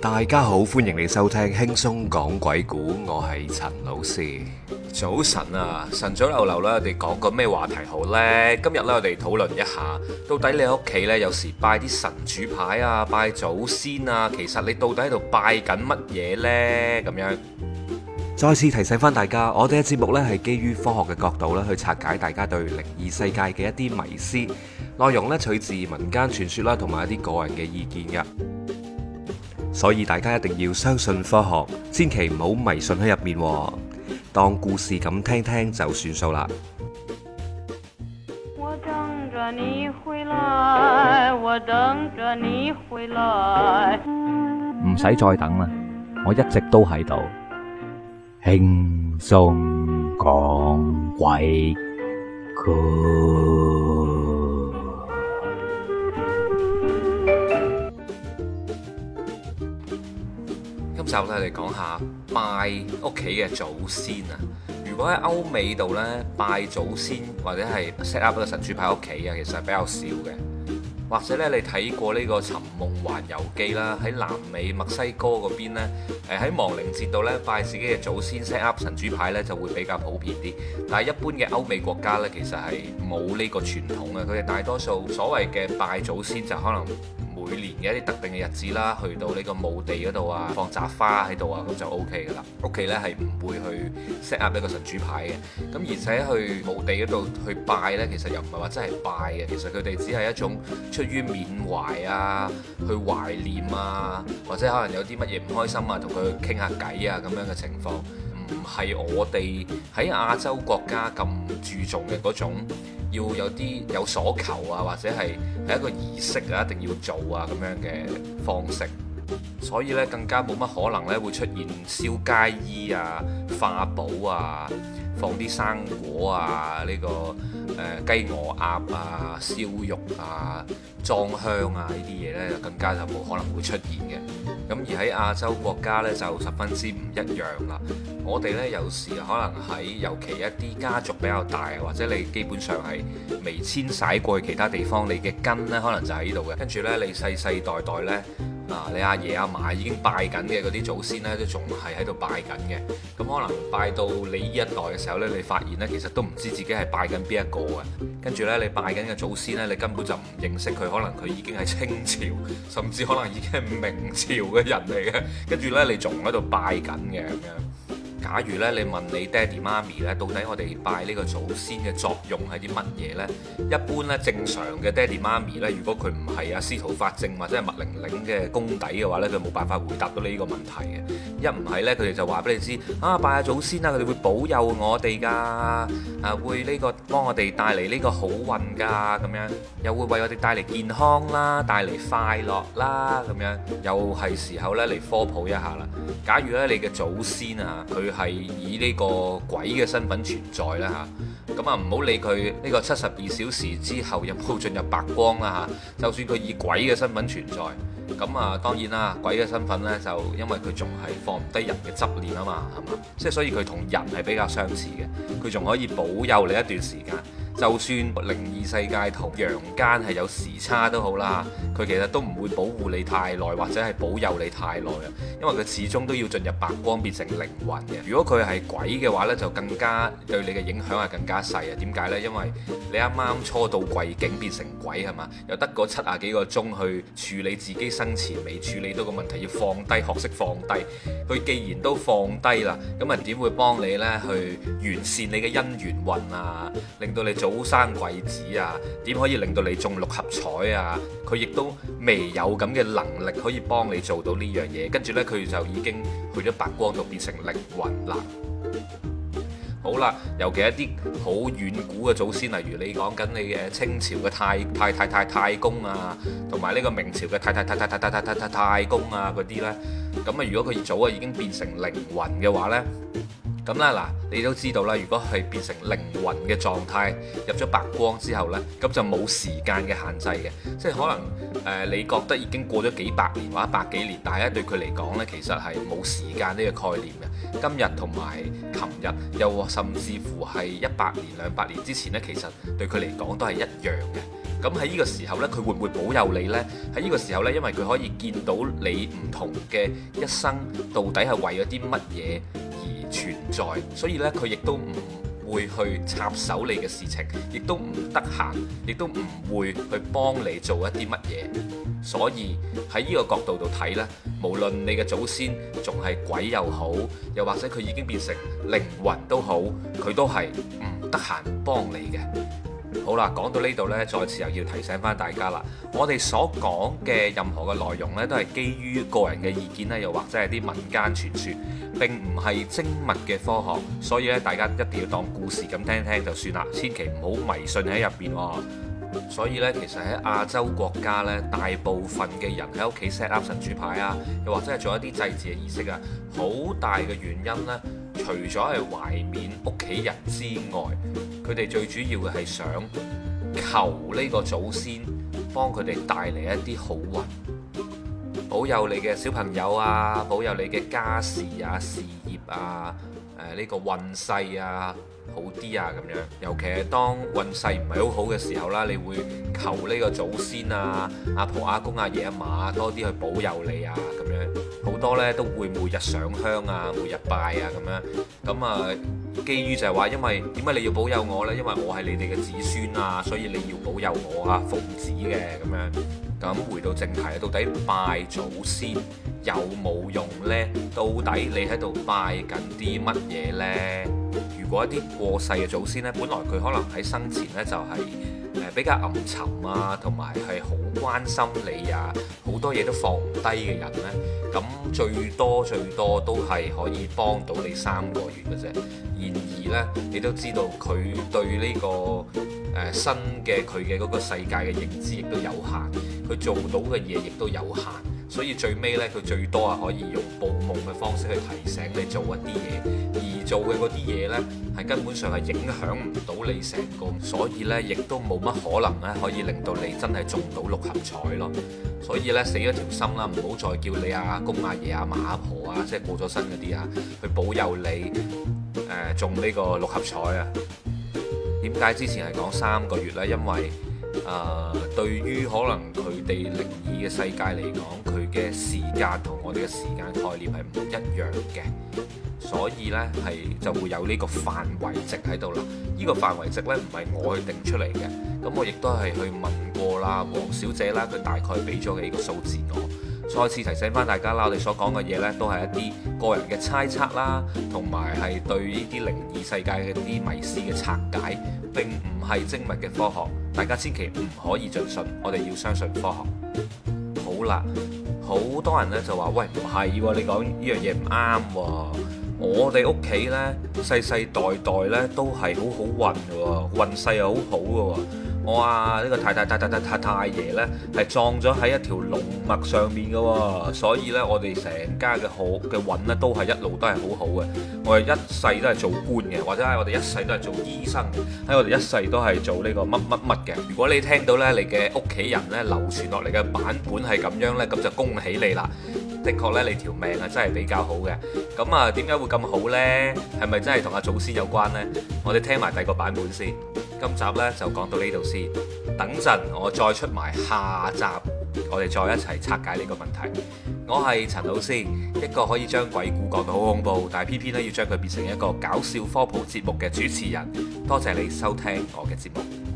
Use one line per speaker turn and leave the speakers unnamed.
大家好，歡迎你收聽輕鬆講鬼故。我係陳老師。早晨啊，晨早流流啦，我哋講個咩話題好呢？今日咧，我哋討論一下，到底你屋企咧，有時拜啲神主牌啊，拜祖先啊，其實你到底喺度拜緊乜嘢呢？咁樣再次提醒翻大家，我哋嘅節目咧係基於科學嘅角度咧，去拆解大家對靈異世界嘅一啲迷思，內容咧取自民間傳說啦，同埋一啲個人嘅意見㗎。所以大家一定要相信科學，千祈唔好迷信喺入面，當故事咁聽聽就算數啦。我等著你回來，我等著你回來。唔使再等啦，我一直都喺度，輕鬆講鬼故事。就嚟講下拜屋企嘅祖先啊！如果喺歐美度呢，拜祖先或者係 set up 個神主牌屋企啊，其實係比較少嘅。或者呢，你睇過呢個《尋夢環遊記》啦，喺南美墨西哥嗰邊呢，誒喺亡靈節度呢，拜自己嘅祖先 set up 神主牌呢，就會比較普遍啲。但係一般嘅歐美國家呢，其實係冇呢個傳統啊。佢哋大多數所謂嘅拜祖先就可能每年嘅一啲特定嘅日子啦，去到呢個墓地嗰度啊，放雜花喺度啊，咁就 OK 噶啦。屋企呢係唔會去 set up 一個神主牌嘅。咁而且去墓地嗰度去拜呢，其實又唔係話真係拜嘅。其實佢哋只係一種出於緬懷啊，去懷念啊，或者可能有啲乜嘢唔開心啊，同佢傾下偈啊咁樣嘅情況，唔係我哋喺亞洲國家咁注重嘅嗰種。要有啲有所求啊，或者係係一個儀式啊，一定要做啊，咁樣嘅方式。所以咧，更加冇乜可能咧，會出現燒街衣啊、化寶啊、放啲生果啊，呢個誒雞鵝鴨啊、燒肉啊、裝香啊呢啲嘢咧，更加就冇可能會出現嘅、啊。咁、啊啊這個呃啊啊啊、而喺亞洲國家咧，就十分之唔一樣啦。我哋咧有時可能喺，尤其一啲家族比較大，或者你基本上係未遷徙過去其他地方，你嘅根咧可能就喺度嘅，跟住咧你世世代代咧。啊！你阿、啊、爺阿、啊嫲，啊、嫲已經拜緊嘅嗰啲祖先呢，都仲係喺度拜緊嘅。咁可能拜到你呢一代嘅時候呢，你發現呢，其實都唔知自己係拜緊邊一個啊。跟住呢，你拜緊嘅祖先呢，你根本就唔認識佢，可能佢已經係清朝，甚至可能已經係明朝嘅人嚟嘅。跟住呢，你仲喺度拜緊嘅咁樣。假如咧你問你爹哋媽咪咧，到底我哋拜呢個祖先嘅作用係啲乜嘢呢？一般咧正常嘅爹哋媽咪咧，如果佢唔係阿司徒法正或者係麥玲玲嘅功底嘅話咧，佢冇辦法回答到呢個問題嘅。一唔係咧，佢哋就話俾你知啊，拜下祖先啦、啊，佢哋會保佑我哋㗎，誒、啊、會呢、呢個幫我哋帶嚟呢個好運㗎，咁樣又會為我哋帶嚟健康啦，帶嚟快樂啦，咁樣又係時候咧嚟科普一下啦。假如咧你嘅祖先啊，佢係以呢個鬼嘅身份存在啦嚇，咁啊唔好理佢呢個七十二小時之後有冇進入白光啦嚇，就算佢以鬼嘅身份存在，咁啊當然啦，鬼嘅身份呢，就因為佢仲係放唔低人嘅執念啊嘛，係嘛，即係所以佢同人係比較相似嘅，佢仲可以保佑你一段時間。就算靈異世界同陽間係有時差都好啦，佢其實都唔會保護你太耐，或者係保佑你太耐啊。因為佢始終都要進入白光變成靈魂嘅。如果佢係鬼嘅話咧，就更加對你嘅影響係更加細啊。點解咧？因為你啱啱初到貴境變成鬼係嘛，又得個七啊幾個鐘去處理自己生前未處理到個問題，要放低，學識放低。佢既然都放低啦，咁啊點會幫你咧去完善你嘅姻緣運啊，令到你早生貴子啊，點可以令到你中六合彩啊？佢亦都未有咁嘅能力可以幫你做到呢樣嘢。跟住呢，佢就已經去咗白光度，變成靈魂啦。好啦，尤其一啲好遠古嘅祖先，例如你講緊你嘅清朝嘅太太太太太公啊，同埋呢個明朝嘅太太太太太太太太太公啊嗰啲呢。咁啊，如果佢早啊已經變成靈魂嘅話呢。咁咧嗱，你都知道啦。如果係變成靈魂嘅狀態，入咗白光之後呢，咁就冇時間嘅限制嘅。即係可能誒、呃，你覺得已經過咗幾百年或者百幾年，但係對佢嚟講呢，其實係冇時間呢個概念嘅。今日同埋琴日，又甚至乎係一百年、兩百年之前呢，其實對佢嚟講都係一樣嘅。咁喺呢個時候呢，佢會唔會保佑你呢？喺呢個時候呢，因為佢可以見到你唔同嘅一生，到底係為咗啲乜嘢而存在，所以呢，佢亦都唔會去插手你嘅事情，亦都唔得閒，亦都唔會去幫你做一啲乜嘢。所以喺呢個角度度睇呢，無論你嘅祖先仲係鬼又好，又或者佢已經變成靈魂都好，佢都係唔得閒幫你嘅。好啦，講到呢度呢，再次又要提醒翻大家啦，我哋所講嘅任何嘅內容呢，都係基於個人嘅意見呢，又或者係啲民間傳說，並唔係精密嘅科學，所以咧，大家一定要當故事咁聽聽就算啦，千祈唔好迷信喺入邊喎。所以呢，其實喺亞洲國家呢，大部分嘅人喺屋企 set up 神主牌啊，又或者係做一啲祭祀嘅儀式啊，好大嘅原因呢。除咗係懷緬屋企人之外，佢哋最主要嘅係想求呢個祖先幫佢哋帶嚟一啲好運，保佑你嘅小朋友啊，保佑你嘅家事啊、事業啊。誒呢個運勢啊，好啲啊咁樣，尤其係當運勢唔係好好嘅時候啦，你會求呢個祖先啊、阿婆阿公啊、爺阿嫲多啲去保佑你啊咁樣，好多呢都會每日上香啊、每日拜啊咁樣，咁啊基於就係話，因為點解你要保佑我呢？因為我係你哋嘅子孫啊，所以你要保佑我啊，奉旨嘅咁樣。咁回到正題，到底拜祖先有冇用呢？到底你喺度拜緊啲乜嘢呢？如果一啲過世嘅祖先呢，本來佢可能喺生前呢就係比較暗沉啊，同埋係好關心你啊，好多嘢都放唔低嘅人呢，咁最多最多都係可以幫到你三個月嘅啫。然而呢，你都知道佢對呢、這個誒、呃、新嘅佢嘅嗰個世界嘅認知亦都有限。佢做到嘅嘢亦都有限，所以最尾咧佢最多啊可以用報夢嘅方式去提醒你做一啲嘢，而做嘅嗰啲嘢咧係根本上係影響唔到你成個，所以咧亦都冇乜可能咧可以令到你真係中到六合彩咯。所以咧死咗條心啦，唔好再叫你阿公阿爺阿媽阿婆啊，即係過咗身嗰啲啊去保佑你誒中呢個六合彩啊！點解之前係講三個月咧？因為誒，uh，對於可能佢哋靈異嘅世界嚟講，佢嘅時間同我哋嘅時間概念係唔一樣嘅，所以呢係就會有呢個範圍值喺度啦。呢、呢個範圍值呢唔係我去定出嚟嘅，咁我亦都係去問過啦，黃小姐啦，佢大概俾咗幾個數字我。再次提醒翻大家啦，我哋所講嘅嘢呢，都係一啲個人嘅猜測啦，同埋係對呢啲靈異世界嘅啲迷思嘅拆解，並唔係精密嘅科學。大家千祈唔可以盡信，我哋要相信科學。好啦，好多人呢就話：「喂，唔係喎，你講呢樣嘢唔啱喎。」我哋屋企呢，世世代代呢，都係好好運㗎喎，運勢又好好㗎喎。我啊，呢、呢個太太太太太太太爺呢，係撞咗喺一條龍脈上面嘅，哦，所以呢，我哋成家嘅好嘅運呢，都係一路都係好好嘅。我哋一世都係做官嘅，或者係我哋一世都係做醫生嘅，喺我哋一世都係做呢個乜乜乜嘅。如果你聽到呢，你嘅屋企人呢，流傳落嚟嘅版本係咁樣呢，咁就恭喜你啦！的確咧，你條命啊真係比較好嘅。咁啊，點解會咁好呢？係咪真係同阿祖先有關呢？我哋聽埋第二個版本先。今集呢，就講到呢度先。等陣我再出埋下集，我哋再一齊拆解呢個問題。我係陳老師，一個可以將鬼故講到好恐怖，但係偏偏咧要將佢變成一個搞笑科普節目嘅主持人。多謝你收聽我嘅節目。